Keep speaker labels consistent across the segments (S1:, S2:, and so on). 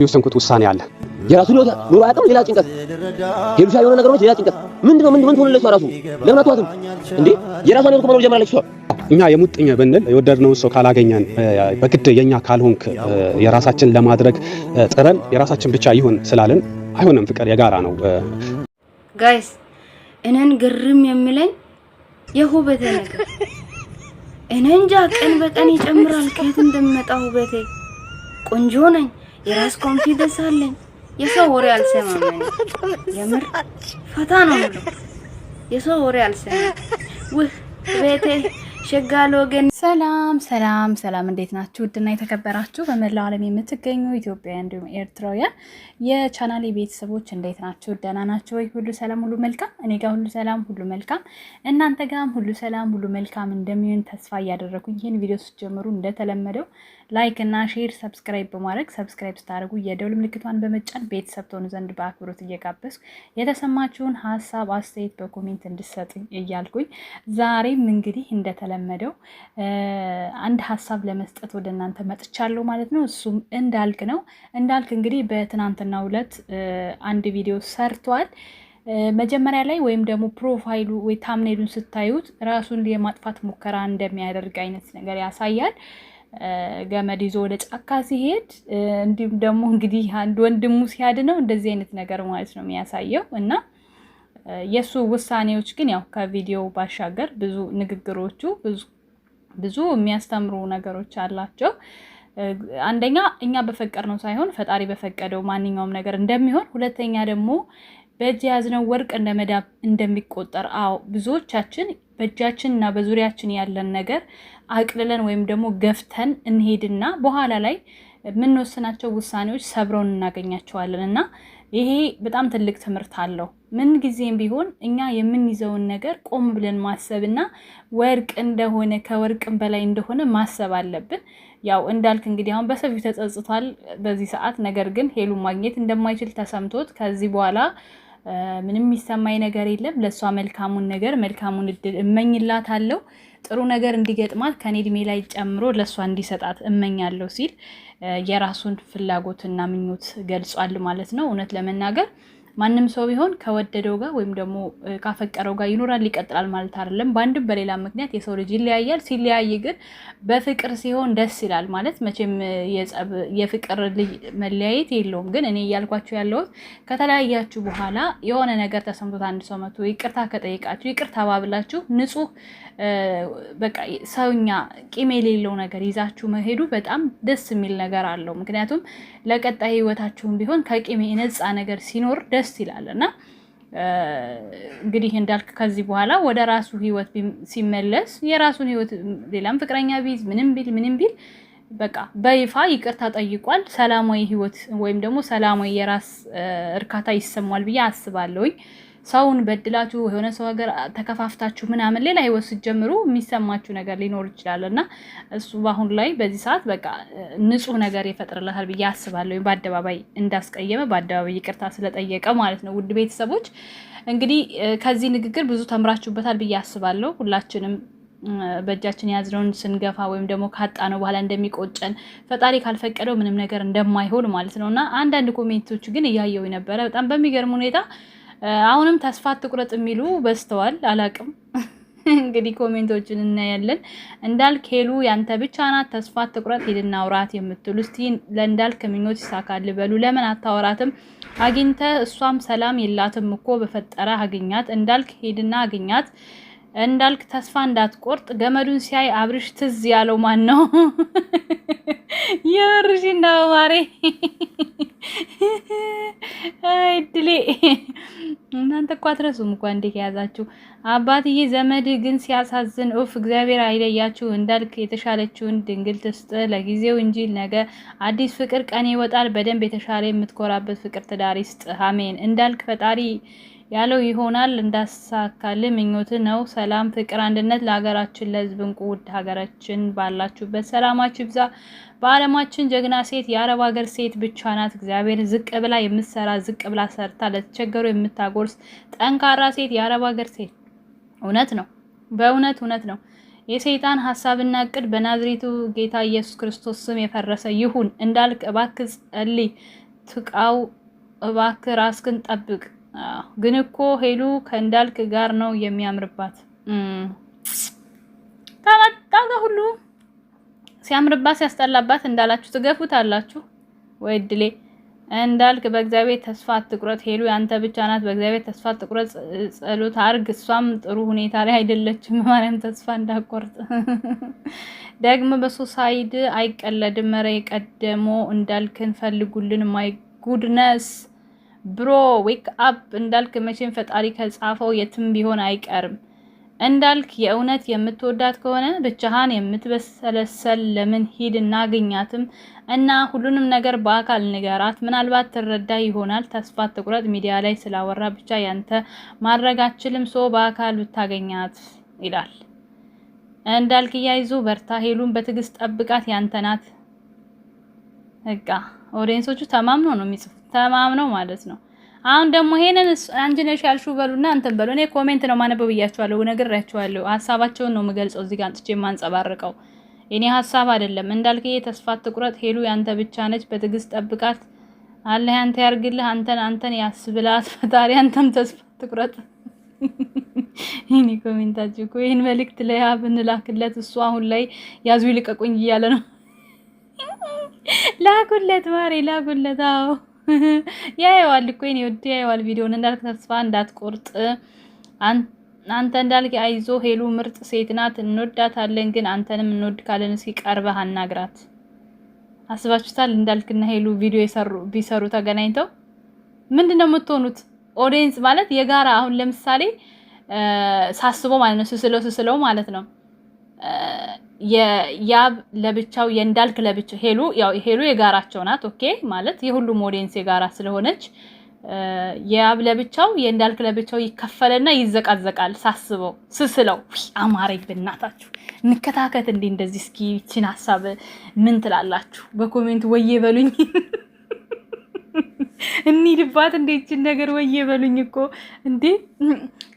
S1: የወሰንኩት ውሳኔ አለ። የራሱ ሊወታ ኑሮ አያውቅም። ሌላ ጭንቀት ሄዱሻ የሆነ ነገሮች ሌላ ጭንቀት ምንድነው? ነው? ምን ትሆንለች? ራሱ ለምን አትዋትም እንዴ? የራሷን ህይወት መኖር ጀምራለች። እኛ የሙጥኝ ብንል የወደድነውን ሰው ካላገኘን በግድ የኛ ካልሆንክ የራሳችን ለማድረግ ጥረን የራሳችን ብቻ ይሁን ስላልን አይሆንም። ፍቅር የጋራ ነው ጋይስ። እነን ግርም የሚለኝ የሁበቴ ነገር እኔ እንጃ፣ ቀን በቀን ይጨምራል። ከየት እንደሚመጣ ሁበቴ ቆንጆ ነኝ የራስ ኮንፊደንስ አለኝ። የሰው ወሬ አልሰማም። የምር ፈታ ነው የሰው ወሬ አልሰማም። ውህ ቤቴ ሸጋሎ ለወገኔ ሰላም ሰላም ሰላም፣ እንዴት ናችሁ? ውድና የተከበራችሁ በመላው ዓለም የምትገኙ ኢትዮጵያውያን እንዲሁም ኤርትራውያን የቻናሌ ቤተሰቦች እንዴት ናችሁ? ደህና ናችሁ ወይ? ሁሉ ሰላም፣ ሁሉ መልካም። እኔ ጋር ሁሉ ሰላም፣ ሁሉ መልካም። እናንተ ጋርም ሁሉ ሰላም፣ ሁሉ መልካም እንደሚሆን ተስፋ እያደረኩኝ ይህን ቪዲዮ ስትጀምሩ እንደተለመደው ላይክ እና ሼር፣ ሰብስክራይብ በማድረግ ሰብስክራይብ ስታደርጉ የደውል ምልክቷን በመጫን ቤተሰብ ትሆኑ ዘንድ በአክብሮት እየጋበዝኩ የተሰማችሁን ሀሳብ አስተያየት በኮሜንት እንድሰጥኝ እያልኩኝ ዛሬም እንግዲህ እንደተለመደው አንድ ሀሳብ ለመስጠት ወደ እናንተ መጥቻለሁ ማለት ነው። እሱም እንዳልክ ነው። እንዳልክ እንግዲህ በትናንትናው ዕለት አንድ ቪዲዮ ሰርቷል። መጀመሪያ ላይ ወይም ደግሞ ፕሮፋይሉ ወይ ታምኔሉን ስታዩት ራሱን የማጥፋት ሙከራ እንደሚያደርግ አይነት ነገር ያሳያል። ገመድ ይዞ ወደ ጫካ ሲሄድ እንዲሁም ደግሞ እንግዲህ አንድ ወንድሙ ሲያድ ነው እንደዚህ አይነት ነገር ማለት ነው የሚያሳየው እና የእሱ ውሳኔዎች ግን ያው ከቪዲዮ ባሻገር ብዙ ንግግሮቹ ብዙ ብዙ የሚያስተምሩ ነገሮች አላቸው። አንደኛ እኛ በፈቀድነው ሳይሆን ፈጣሪ በፈቀደው ማንኛውም ነገር እንደሚሆን፣ ሁለተኛ ደግሞ በእጅ የያዝነው ወርቅ እንደ መዳብ እንደሚቆጠር። አዎ ብዙዎቻችን በእጃችን እና በዙሪያችን ያለን ነገር አቅልለን ወይም ደግሞ ገፍተን እንሄድና በኋላ ላይ የምንወስናቸው ውሳኔዎች ሰብረውን እናገኛቸዋለን እና ይሄ በጣም ትልቅ ትምህርት አለው። ምን ጊዜም ቢሆን እኛ የምንይዘውን ነገር ቆም ብለን ማሰብና ወርቅ እንደሆነ ከወርቅም በላይ እንደሆነ ማሰብ አለብን። ያው እንዳልክ እንግዲህ አሁን በሰፊው ተጸጽቷል በዚህ ሰዓት። ነገር ግን ሄሉ ማግኘት እንደማይችል ተሰምቶት ከዚህ በኋላ ምንም የሚሰማኝ ነገር የለም። ለእሷ መልካሙን ነገር መልካሙን እድል እመኝላታለሁ። ጥሩ ነገር እንዲገጥማት ከኔ እድሜ ላይ ጨምሮ ለእሷ እንዲሰጣት እመኛለሁ ሲል የራሱን ፍላጎትና ምኞት ገልጿል ማለት ነው እውነት ለመናገር ማንም ሰው ቢሆን ከወደደው ጋር ወይም ደግሞ ካፈቀረው ጋር ይኖራል፣ ይቀጥላል ማለት አይደለም። በአንድም በሌላ ምክንያት የሰው ልጅ ይለያያል። ሲለያይ ግን በፍቅር ሲሆን ደስ ይላል። ማለት መቼም የፍቅር ልጅ መለያየት የለውም። ግን እኔ እያልኳችሁ ያለሁት ከተለያያችሁ በኋላ የሆነ ነገር ተሰምቶት አንድ ሰው መቶ ይቅርታ ከጠይቃችሁ ይቅርታ ባብላችሁ ንጹህ በቃ ሰውኛ ቂም የሌለው ነገር ይዛችሁ መሄዱ በጣም ደስ የሚል ነገር አለው። ምክንያቱም ለቀጣይ ህይወታችሁም ቢሆን ከቂም የነፃ ነገር ሲኖር ደስ ይላል እና እንግዲህ እንዳልክ ከዚህ በኋላ ወደ ራሱ ህይወት ሲመለስ የራሱን ህይወት ሌላም ፍቅረኛ ቢዝ ምንም ቢል ምንም ቢል በቃ በይፋ ይቅርታ ጠይቋል። ሰላማዊ ህይወት ወይም ደግሞ ሰላማዊ የራስ እርካታ ይሰማል ብዬ አስባለሁኝ። ሰውን በድላችሁ የሆነ ሰው ሀገር ተከፋፍታችሁ ምናምን ሌላ ህይወት ስትጀምሩ የሚሰማችሁ ነገር ሊኖር ይችላል እና እሱ በአሁን ላይ በዚህ ሰዓት በቃ ንጹህ ነገር ይፈጥርለታል ብዬ አስባለሁ። በአደባባይ እንዳስቀየመ በአደባባይ ይቅርታ ስለጠየቀ ማለት ነው። ውድ ቤተሰቦች እንግዲህ ከዚህ ንግግር ብዙ ተምራችሁበታል ብዬ አስባለሁ። ሁላችንም በእጃችን የያዝነውን ስንገፋ ወይም ደግሞ ነው በኋላ እንደሚቆጨን ፈጣሪ ካልፈቀደው ምንም ነገር እንደማይሆን ማለት ነው እና አንዳንድ ኮሜንቶች ግን እያየው ነበረ በጣም በሚገርም ሁኔታ አሁንም ተስፋ አትቁረጥ የሚሉ በዝተዋል። አላቅም እንግዲህ ኮሜንቶችን እናያለን። እንዳልክ ሄሉ ያንተ ብቻ ናት፣ ተስፋ አትቁረጥ፣ ሂድና አውራት የምትሉ እስቲ ለእንዳልክ ምኞት ይሳካል በሉ። ለምን አታወራትም? አግኝተ እሷም ሰላም የላትም እኮ በፈጠረ አግኛት። እንዳልክ ሂድና አግኛት። እንዳልክ ተስፋ እንዳትቆርጥ። ገመዱን ሲያይ አብርሽ ትዝ ያለው ማን ነው? የብርሽ እንዳባባሬ አይድሌ እናንተ እኮ አትረሱም እኮ እንዴት የያዛችሁ አባትዬ። ዘመድ ግን ሲያሳዝን ኡፍ፣ እግዚአብሔር አይለያችሁ። እንዳልክ የተሻለችውን ድንግል ትስጥ ለጊዜው እንጂ ነገ አዲስ ፍቅር ቀን ይወጣል። በደንብ የተሻለ የምትኮራበት ፍቅር ትዳር ይስጥ። አሜን። እንዳልክ ፈጣሪ ያለው ይሆናል እንዳሳካል ምኞት ነው። ሰላም፣ ፍቅር፣ አንድነት ለሀገራችን ለህዝብ እንቁ ውድ ሀገራችን ባላችሁበት ሰላማችሁ ይብዛ። በዓለማችን ጀግና ሴት የአረብ ሀገር ሴት ብቻ ናት። እግዚአብሔር ዝቅ ብላ የምትሰራ ዝቅ ብላ ሰርታ ለተቸገሩ የምታጎርስ ጠንካራ ሴት የአረብ ሀገር ሴት እውነት ነው። በእውነት እውነት ነው። የሰይጣን ሀሳብና እቅድ በናዝሬቱ ጌታ ኢየሱስ ክርስቶስ ስም የፈረሰ ይሁን። እንዳልክ እባክህ ጸልይ፣ ትቃው፣ እባክህ ራስክን ጠብቅ። ግን እኮ ሄሉ ከእንዳልክ ጋር ነው የሚያምርባት። ከመጣ ጋር ሁሉ ሲያምርባት ሲያስጠላባት እንዳላችሁ ትገፉት አላችሁ ወይ እድሌ። እንዳልክ በእግዚአብሔር ተስፋ አትቁረጥ ሄሉ፣ ያንተ ብቻ ናት። በእግዚአብሔር ተስፋ አትቁረጥ፣ ጸሎት አርግ። እሷም ጥሩ ሁኔታ ላይ አይደለችም። ማርያም ተስፋ እንዳቆርጥ ደግሞ በሶሳይድ አይቀለድም። መሬ ቀደሞ እንዳልክን ፈልጉልን። ማይ ጉድነስ ብሮ ዌክ አፕ እንዳልክ መቼም ፈጣሪ ከጻፈው የትም ቢሆን አይቀርም። እንዳልክ የእውነት የምትወዳት ከሆነ ብቻህን የምትበሰለሰል ለምን ሂድ እናገኛትም እና ሁሉንም ነገር በአካል ንገራት። ምናልባት ትረዳ ይሆናል። ተስፋ ትቁረጥ። ሚዲያ ላይ ስላወራ ብቻ ያንተ ማድረግ አችልም። ሰው በአካል ብታገኛት ይላል እንዳልክ። እያይዞ በርታ። ሄሉን በትዕግስት ጠብቃት። ያንተ ናት። በቃ ኦዲየንሶቹ ተማምኖ ነው የሚጽፉ ተማምነው ማለት ነው። አሁን ደግሞ ይሄንን አንቺ ነሽ ያልሽው በሉና እንትን በሉ። እኔ ኮሜንት ነው ማነበብ እያቸዋለሁ፣ እነግራቸዋለሁ። ሀሳባቸውን ነው የምገልጸው እዚህ ጋር አንጥቼ የማንጸባርቀው እኔ ሀሳብ አይደለም። እንዳልክዬ ተስፋ አትቁረጥ፣ ሄሉ ያንተ ብቻ ነች። በትዕግስት ጠብቃት፣ አላህ ያንተ ያርግልህ። አንተን አንተን ያስብላት ፈጣሪ፣ አንተም ተስፋ አትቁረጥ። ይህኔ ኮሜንታችሁ እኮ ይህን መልእክት ለያ ብንላክለት እሱ አሁን ላይ ያዙ ይልቀቁኝ እያለ ነው። ላኩለት ማሬ ላኩለት። አዎ ያየዋል እኮ የእኔ ውድ ያየዋል። ቪዲዮን እንዳልክ ተስፋ እንዳትቆርጥ አንተ እንዳልክ አይዞ ሄሉ ምርጥ ሴት ናት፣ እንወዳታለን። ግን አንተንም እንወድ ካለን እስኪ ቀርበህ አናግራት። አስባችሁታል? እንዳልክና ሄሉ ቪዲዮ የሰሩ ቢሰሩ ተገናኝተው ምንድን ነው የምትሆኑት? ኦዲየንስ ማለት የጋራ አሁን ለምሳሌ ሳስቦ ማለት ነው ስስለው ስስለው ማለት ነው ያብ ለብቻው የእንዳልክ ለብቻው ሄሉ ያው ሄሉ የጋራቸው ናት። ኦኬ ማለት የሁሉም ኦዲየንስ የጋራ ስለሆነች የያብ ለብቻው የእንዳልክ ለብቻው ይከፈለና ይዘቃዘቃል። ሳስበው ስስለው አማረኝ። ብናታችሁ እንከታከት እንዲ እንደዚህ። እስኪ ይችን ሀሳብ ምን ትላላችሁ? በኮሜንት ወይ በሉኝ። እንሂድባት እንደ ይችን ነገር ወዬ በሉኝ እኮ እንዴ።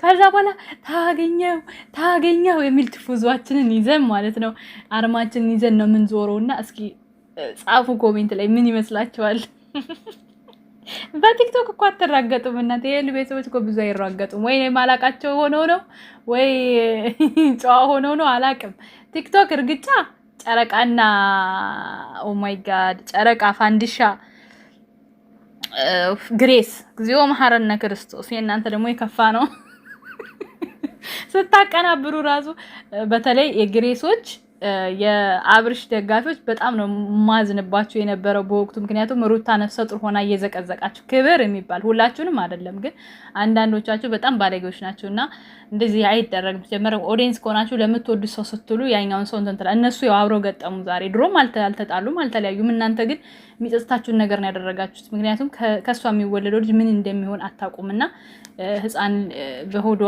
S1: ከዛ በኋላ ታገኘው ታገኘው የሚል ትፉዟችንን ይዘን ማለት ነው አርማችንን ይዘን ነው ዞረው እና እስኪ ጻፉ ኮሜንት ላይ ምን ይመስላችኋል? በቲክቶክ እኮ አትራገጡም እናንተ የሉ ቤተሰቦች እኮ ብዙ አይራገጡም። ወይ ማላቃቸው ሆነው ነው ወይ ጨዋ ሆነው ነው አላቅም። ቲክቶክ እርግጫ ጨረቃና ኦማይ ጋድ ጨረቃ ፋንዲሻ ግሬስ እግዚኦ መሐረነ ክርስቶስ። የእናንተ ደግሞ የከፋ ነው ስታቀናብሩ ራሱ በተለይ የግሬሶች የአብርሽ ደጋፊዎች በጣም ነው ማዝንባቸው የነበረው በወቅቱ። ምክንያቱም ሩታ ነፍሰ ጡር ሆና እየዘቀዘቃችሁ ክብር የሚባል ሁላችሁንም አይደለም ግን አንዳንዶቻችሁ በጣም ባለጌዎች ናቸው እና እንደዚህ አይደረግም። ጀመረ ኦዲየንስ ከሆናችሁ ለምትወዱ ሰው ስትሉ ያኛውን ሰው እንትን እነሱ ያው አብረው ገጠሙ ዛሬ። ድሮም አልተጣሉም አልተለያዩም። እናንተ ግን የሚጸጽታችሁን ነገር ነው ያደረጋችሁት። ምክንያቱም ከእሷ የሚወለደው ልጅ ምን እንደሚሆን አታውቁም እና ህፃን በሆዷ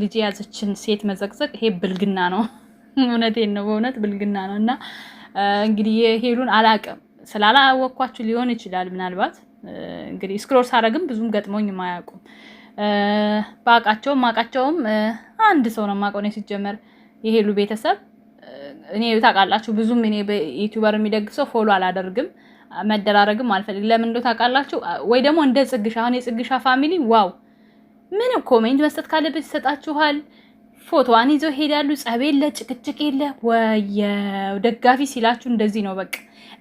S1: ልጅ የያዘችን ሴት መዘቅዘቅ ይሄ ብልግና ነው። እውነቴን ነው። በእውነት ብልግና ነው። እና እንግዲህ የሄሉን አላቅም ስላላወቅኳችሁ ሊሆን ይችላል። ምናልባት እንግዲህ ስክሮል ሳረግም ብዙም ገጥሞኝ አያውቁም። በአቃቸውም ማቃቸውም አንድ ሰው ነው ማቀው ሲጀመር የሄሉ ቤተሰብ እኔ ታውቃላችሁ፣ ብዙም እኔ በዩቲዩበር የሚደግሰው ፎሎ አላደርግም መደራረግም አልፈልግም። ለምን እንደው ታውቃላችሁ ወይ ደግሞ እንደ ጽግሻ አሁን የጽግሻ ፋሚሊ ዋው ምን ኮሜንት መስጠት ካለበት ይሰጣችኋል። ፎቶዋን ይዘው ይሄዳሉ። ጸብ የለ፣ ጭቅጭቅ የለ። ወየ ደጋፊ ሲላችሁ እንደዚህ ነው በቃ።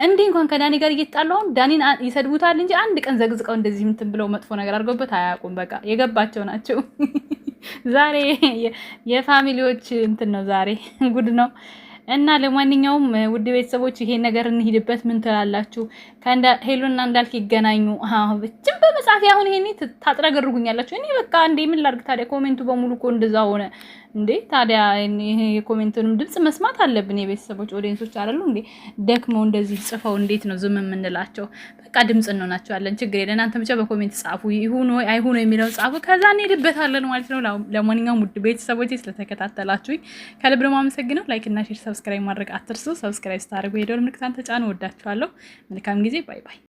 S1: እንዲህ እንኳን ከዳኒ ጋር አሁን ዳኒን ይሰድቡታል እንጂ አንድ ቀን ዘግዝቀው እንደዚህ እንትን ብለው መጥፎ ነገር አድርገውበት አያውቁም። በቃ የገባቸው ናቸው። ዛሬ የፋሚሊዎች እንትን ነው፣ ዛሬ ጉድ ነው። እና ለማንኛውም ውድ ቤተሰቦች ይሄን ነገር እንሂድበት። ምን ትላላችሁ? ሄሎና እንዳልክ ይገናኙ። ብቻም በመጻፊያ አሁን ይሄኔ ታጥረገርጉኛላችሁ። እኔ በቃ እንዴ ምን ላድርግ ታዲያ? ኮሜንቱ በሙሉ እኮ እንደዛ ሆነ። እንዴ ታዲያ የኮሜንቱንም ድምፅ መስማት አለብን። የቤተሰቦች ኦዲየንሶች አሉ እንዴ ደክመው እንደዚህ ጽፈው እንዴት ነው ዝም የምንላቸው? በቃ ድምፅ እንሆናቸዋለን። ችግር የለ እናንተ ብቻ በኮሜንት ጻፉ። ይሁን ወይ አይሁን የሚለው ጻፉ። ከዛ እንሄድበታለን ማለት ነው። ለማንኛውም ውድ ቤተሰቦች ስለተከታተላችሁኝ ከልብ ነው አመሰግነው። ላይክ እና ሼር፣ ሰብስክራይብ ማድረግ አትርሱ። ሰብስክራይብ ስታደርጉ የደወል ምልክቱን ተጫኑ። ወዳችኋለሁ። መልካም ጊዜ። ባይ ባይ።